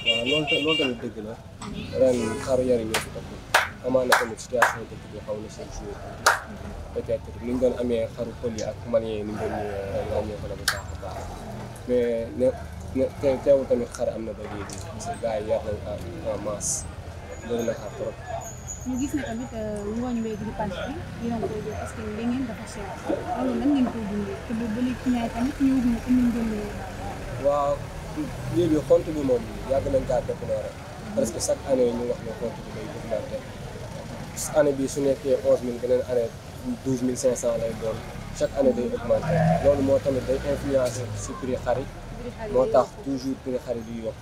waaw loolu tamit loolu tamit dëgg la ren xaru yar ñoo fi takku amaana tamit situation dëkk bi xaw na seen joué peut être ni ñu doon amee xaru pël yi ak malien yi ni ñu doon ñëwee ràññee ko la bu baax a baax mais ne ne teewul tamit xar am na ba léegi parce que gars yi yar nañ en masse bëri na xar trop. ñu gis ne tamit euh, ngooñ beeg di pàcc bi yéen a ngi koy jël parce que li ngeen dafa cher loolu lan ngeen koy dundee te ba léegi ñaay tamit ñëw ñu am nañ doon waaw. lii bi xont bi moom yàgg nañ kaa déclaré parce que chaque année ñu wax ne xont bi day augmenté année bi su nekkee onze mille beneen année douze mille cinq cent lay doon chaque année day augmenté loolu moo tamit day influencé si prix xari moo tax toujours prix xari di yokk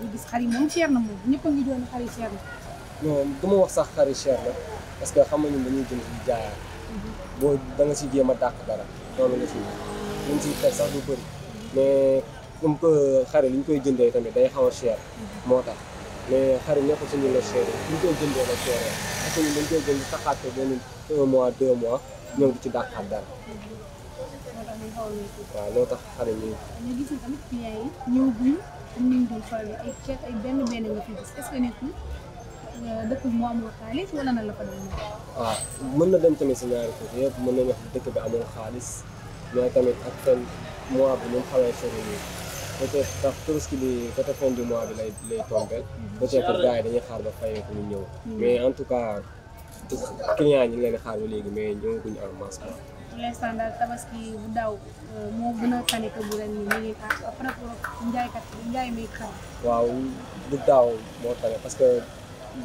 ñu gis xari moom cher na moom ñëpp a ngi doon xari cher na non du ma wax sax xari cher na parce que xam nga ñun dañuy jëm si jaayaat mhm. boo da nga si jéem a dàq dara loolu nga si ñu ngi siy teg sax du bëri mais comme que xar li ñu koy jëndee tamit day xaw a cher moo tax mais xar yi nekkul suñu la cher li ñu koy jëndee la cher parce que ñun dañ koy jënd benn mois deux mois ñëw di ci dàqaat dara waaw loo tax xar yi ñu ñu gis tamit client yi ñëw buñ am nañ doon xool ay ceeb ay benn benn nga fi gis est euh, dëkk bi moo amul xaalis wala nan la fa doon waaw ah, mën na dem tamit si ñaari côté yëpp mën nañu wax dëkk bi amul xaalis mais tamit ak fen mois bi ñu xawee sori nii peut-être ndax Tabaski bi côté fin du mois bi lay lay tombeel peut-être yi dañuy xaar ba fayee ko ñu ñëw mm. mais en tout cas client ñi leen xaar ba léegi mais ñëw guñu en masse quoi pour tabaski bu daaw euh, moo gën a tane que bu ren nii ñu ngi xaar par rapport ak njaaykat njaay mi xaar waaw bu daaw moo tane parce que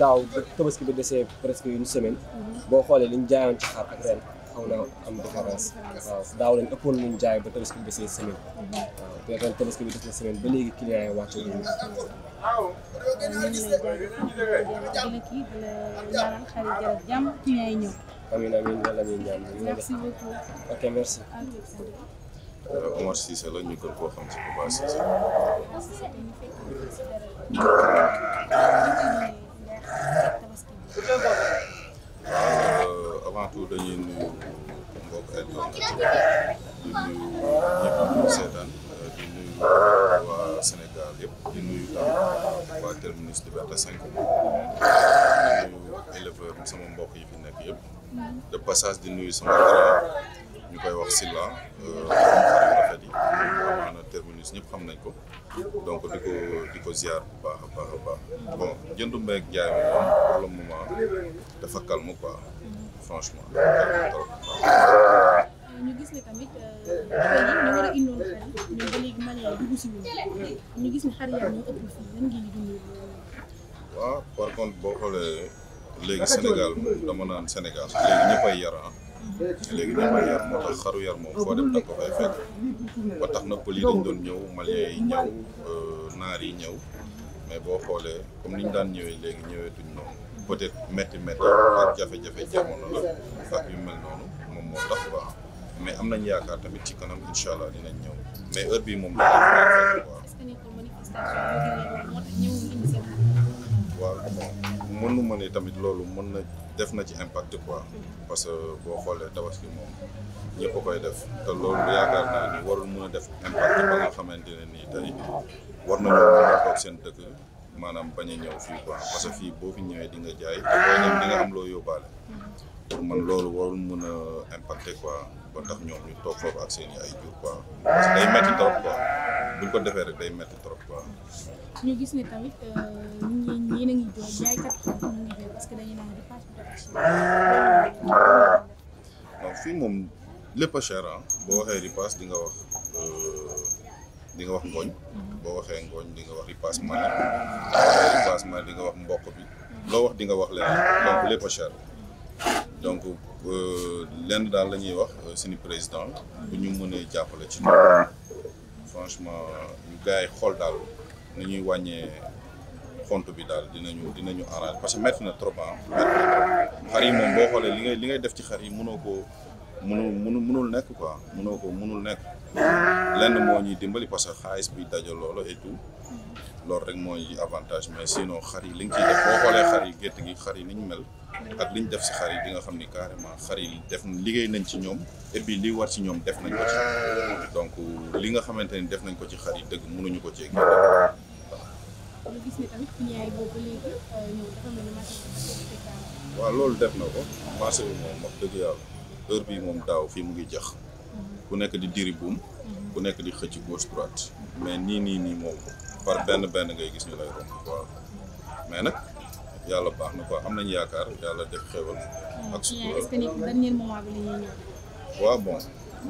daaw tabaski bu desee presque une semaine mm-hmm. boo xoolee liñ jaayoon ci xaar ak ren xaw na am différence différence daaw lañ ëppoon luñ jaay ba tabaski bi desee semaine waaw te ren tabaski bi des na semaine ba léegi client yi wàcce ñu amiin amiin yàlla ñuy ñaan merci beaucoup ok merci Omar Cissé la ñu gën koo xam ci Papa Cissé avant tout dañuy nuyu mbokk internet di nuyu ñëpp ñu seetaan di nuyu waa Sénégal yëpp di terminus Liberté 5 di nuyu éleveur sama mbokk yi fi nekk yëpp de passage di nuyu sama grand ñu koy wax Silla euh, xarit rafet yi maanaam terminus ñëpp xam nañ ko donc di ko ziar bu baax a baax a baax bon jëndu mbeeg jaay moom pour le dafa calme quoi franchement. ñu gis ne tamit euh, xar yi ñu war a indoon xar yi ñun léegi Mali dugg si wuñu ñu gis yaa ñu ëpp naan Sénégal léegi ñëppay yar ah. léegi ñëppay yar moo tax xaru yar moom foo dem da ko fay fekk ba tax na pël yi dañ doon ñëw Maliens yi ñëw euh, naar yi ñëw mais boo xoolee comme ni ñu daan ñëwee léegi ñëweetuñ noonu. peut-être métti métti ah. ak jafe-jafe jamono la ak yu mel noonu moom moo tax baax mais am nañ yaakaar tamit ci kanam incha allah dinañ ñëw mais heure bii moom la waaw mënu ma ne tamit loolu mën na def na ci impact quoi parce que boo xoolee tabaski moom ñëpp a koy def te loolu yaakaar naa ni warul mën a def impact ba xamante ne nii tey war nañoo mën a toog seen dëkk maanaam bañ a ñëw fii quoi parce que fii boo fi ñëwee di nga jaay te boo am loo yóbbaale pour man loolu warul mën a impacter quoi ba tax ñoom ñu toog foofu ak seen i ay jur quoi parce que day métti trop quoi buñ ko defee rek day métti trop gis ne tamit euh, fii moom lépp a cher ah boo waxee ripaas di nga wax. Euh, di wax ngooñ mhm. boo waxee ngooñ di nga wax ripaas mali ripaas di nga wax mbokk bi mhm. loo wax di nga wax leneen donc lépp a mhm. donc euh, lenn daal la ñuy wax euh, suñu président bu ñu mënee jàppale ci ah. franchement ñu gars yi xool daal na ñuy wàññee xont bi daal dinañu dinañu arrange parce que métti na trop ah métti na trop xar yi moom boo xoolee li ngay li ngay def ci xar yi mënoo ko mënul mënul mënul nekk quoi mënoo ko mënul nekk lenn moo ñuy dimbali parce que xaalis bi dajaloo la et loolu rek mooy avantage mais sinon xar yi li nga ciy def boo xoolee xar yi gétt gi xar yi ni ñu mel ak li ñu def si xar yi di nga xam ni carrément xar yi def liggéey nañ ci ñoom et puis li war ci ñoom def nañu ci donc li nga xamante ni def nañ ko ci xar yi dëgg mënuñu ko cee waaw loolu def na ko marché moom wax dëgg yàlla heure bii moom daaw fii mu ngi jax ku nekk di diri buum ku nekk di xëcc gauche droite mais nii nii nii moom par benn benn ngay gis ñu lay romb waaw mais nag yàlla baax na ko am nañ yaakaar yàlla def xéwal ak sutura waaw bon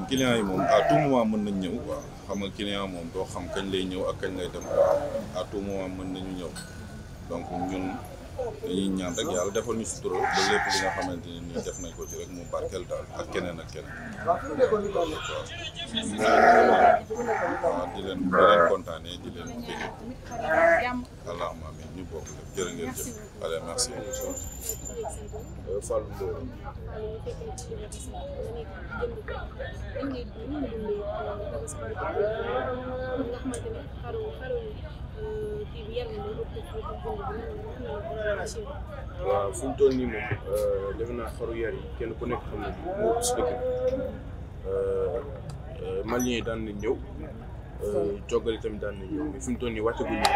client yi moom à tout mën nañ ñëw waaw xam nga client moom doo xam kañ lay ñëw ak kañ lay dem waaw à tout moment mën nañu ñëw donc ñun dañuy ñaan rek yàlla defal ñu sutura ba lépp li nga xamante ni def nañ ko ci rek mu barkeel daal ak keneen ak keneen. waaw di leen di leen kontaanee di leen dégg allahumma amin ñu bokk lépp ngeen jëf allez merci. Fallou waaw fu ñu toll nii euh, naa xaru yar yi kenn ku nekk xam ne moo ëpp si dëkk bi Maliens yi daan nañ ñëw euh, jogali tamit daan nañ ñëw mais fu ñu toll nii wàccaguñ yi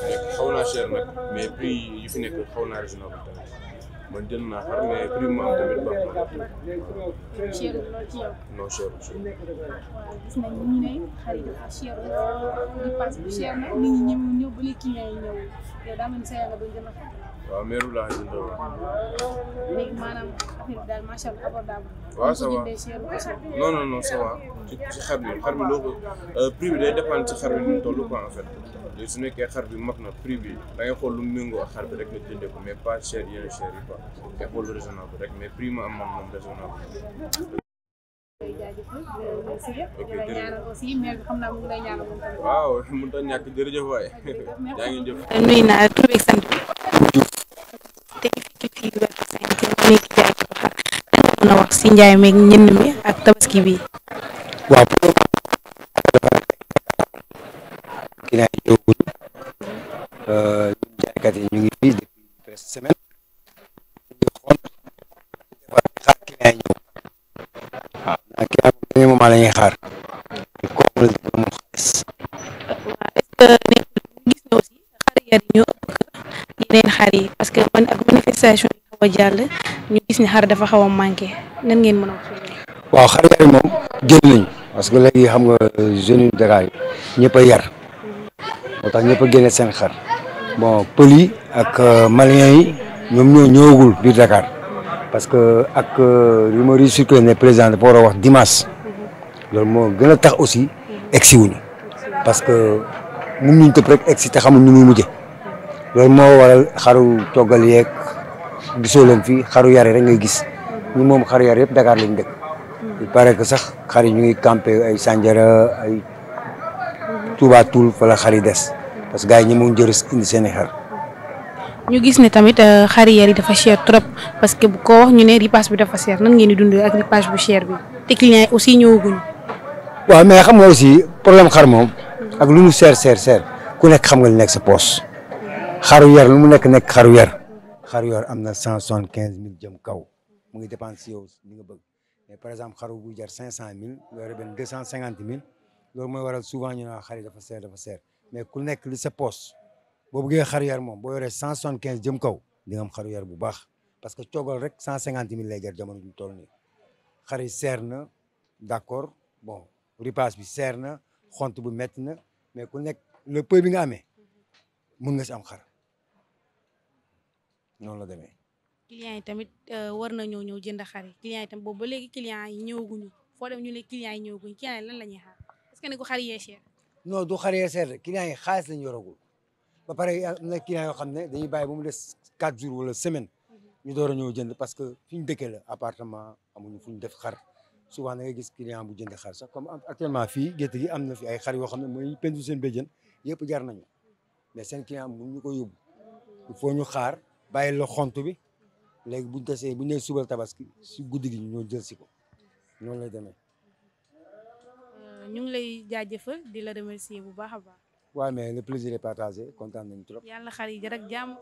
fi nekk xaw naa cher nag mais prix yi fi nekk xaw naa raisonnable man jël naa xar mais prix mu am tamit baax na. cherul lool ci yow. non cherul cherul. waaw gis nañ ñu ne xar yi dafa cher dépense bu cher nag nit ñi ñëw ñëw ba léegi client yi ñëw waaw meeru laa ñu doon. léegi maanaam affaire bi daal macha waaw ça va non ci ci xar bi xar euh, day dépendre ci xar mu toll quoi en fait léegi su nekkee xar bi mag na prix bi da ngay xool lu mu méngoo ak bi rek nga jëndee ko mais pas cher yenn cher yi quoi nga rek mais prix mu am man moom raisonnable. ok waaw mënut a ñàkk jërëjëf waay yaa ngi jëf. nuyu naa tur beeg tey fii ci Liberté 5 mi ngi jaay ko xar danga a wax ak tabaski bi. waaw yi ñu ngi fii depuis xaar client moom premier moment xaar koo gis na aussi xar yar yi ñoo ëpp parce que man prestation yi xaw a jàll ñu gis ni xar dafa xaw a manqué nan ngeen mën a wax. waaw xar yar moom génn nañu parce que léegi xam nga jeunes yu Dakar yi ñëpp a yar moo tax ñëpp a génne seen xar bon pël yi ak euh, maliens yi ñoom ñoo ñëwagul biir Dakar parce que ak rumeur yi circulé ne président dafa war a wax dimanche loolu moo gën a tax aussi egsi wuñu parce que mun ñu tëb rek egsi te xamul ñu muy mujje loolu moo waral xaru toggal yeeg gisoo leen fii xaru yare rek ngay gis ñu moom xaru yar yëpp Dakar lañ dëkk hmm. il paraît que sax xar ñu ngi campé ay Sandiara ay Touba Toul fa yi des parce que gars yi ñi moom ñu gis ne tamit euh, xar yar yi dafa cher trop parce que bu ko wax ñu ne ripaas bi dafa cher nan ngeen di dundee bu cher bi te client yi aussi ñëwaguñu xam nga aussi moom ak lu mu cher cher cher ku nekk xam nga nekk sa poos xaru mu nekk nekk xaru yar xar am na cent soixante quinze mille jëm kaw mu ngi dépendre si nga bëgg mais par exemple xaru bu jar cinq cent mille yore benn deux cent cinquante mille loolu mooy waral souvent seer mais ku nekk li sa poche boo bëggee xar moom boo yoree cent soixante quinze jëm kaw di nga am xaru bu baax parce que coogal rek cent cinquante mille lay jar jamono ju toll nii xar yi seer na d'accord bon ripaas bi seer na xont bu métti na mais ku nekk le peu bi nga amee mun nga si am xar noonu la demee. clients yi tamit euh, war nañoo ñëw jënd xar yi clients yi tamit boobu ba léegi clients yi ñëwaguñu foo dem ñu ne clients yi ñëwaguñu clients yi lan la ñuy xaar ne ko xar yee cher. non du xar yee cher clients yi xaalis lañ yoragul ba pare am na clients yoo xam ne dañuy bàyyi ba mu des wala semaine mhm. ñu door a ñëw jënd parce que fi ñu dëkkee la appartement amuñu def xar souvent da ngay gis client bu jënd xar sax comme actuellement fii gerte gi am na fi ay xar yoo xam ne mooy pendu seen béjjën yëpp jar nañu mais seen client mënuñu ko yóbbu il faut ñu xaar bàyyi la xont bi léegi buñ tasee buñ leen subal tabaski si guddi gi ñoo jël si ko noonu lay demee. Euh, ñu ngi lay jaajëfal di la remercier bu baax a baax. waaw mais le plaisir est partagé kontaan nañu trop. yàlla xar yi rek jàmm.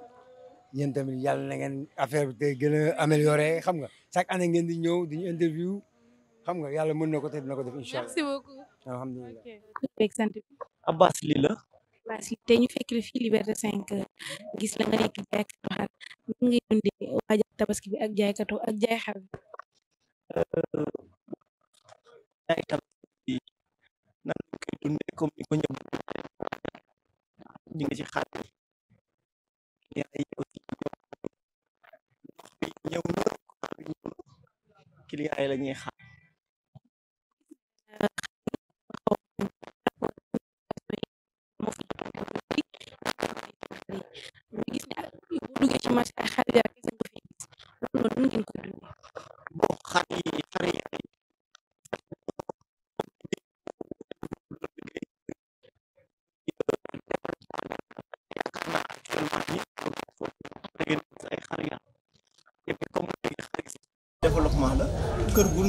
yéen tamit yàlla na ngeen affaire bi tey gën a amélioré xam nga chaque année ngeen di ñëw di ñu interview xam nga yàlla mën na ko te dina ko def incha allah merci alhamdulilah ok sant bi. la. Abbas lii tey gis la nga nekk ñu ngi indi waajal tabaski bi ak jaaykatu ak jaay xar jaay tabaski bi nan lañ koy dundee comme ni ko ñëpp ñu ngi ci xar client yi aussi ñëw na client yi la ñuy xaar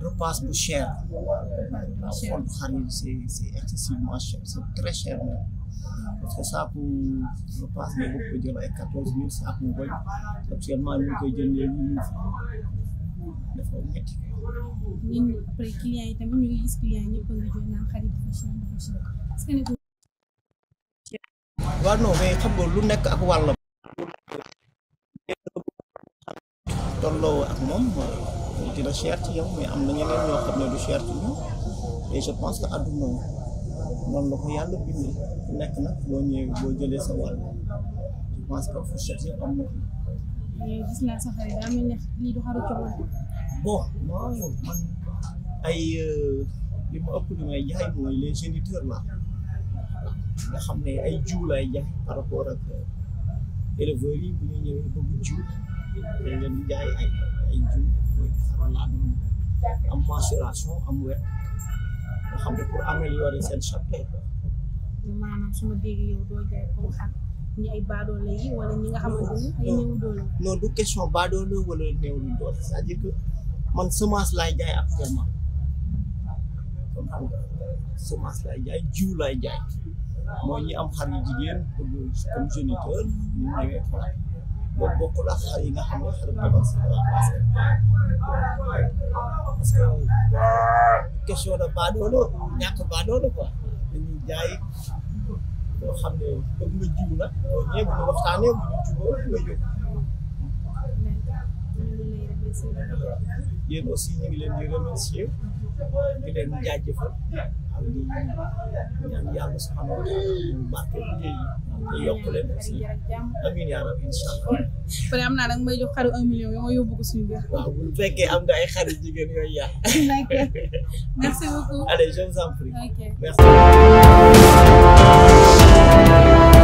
repasse bu cher la ko jël ay nekk ak wàll tolloo ak moom dina cher ci yow mais am na ñeneen ñoo xam ne du cher ci ñu je pense que àdduna noonu la ko yàlla bindee nekk nag boo ñëwee boo jëlee sa wàll je na eh, gis naa sa xarit daa mel ne man ay euh, li ma ëpp li may jaay mooy les géniteurs là nga xam ne ay jiw laay jaay par rapport ak euh, éleveurs yi bu ñëwee bëgg jiw dañ leen di ay ay mooy defaral la am mensuration am wér nga xam ne pour améliorer seen santé maanaam su ma déggee yow doo jaay pour ak ñi ay baadoole yi wala ñi nga xamante ni ay néew doole non du question baadoole wala néew lu doole c'est-à-dire que man semence laay jaay actuellement comme xam nga jiw laay jaay mooy ñi am xar yu jigéen bëgg comme géniteur ñu ñëwee boo bokkul ak xar yi nga xam ne xaru tabax si parce que question la baadoolo ñàkk baadoolo quoi dañuy jaay loo xam ne bëgg nga jiw nag boo ñëwee bu ñu waxtaanee bu ñu juboo nga jóg yéen aussi ñu ngi leen di remercier di leen jaajëfal am di ñaan yàlla subhanahu wa taala mu barke liggéey yi yokk leen aussi amiin yaa rabbi incha allah. pare am naa nag may jox xaru un million yoo ma yóbbu ko suñu biir. waaw bu fekkee am nga ay xaru jigéen yooyu yaa. merci beaucoup. allez je vous en prie. ok merci.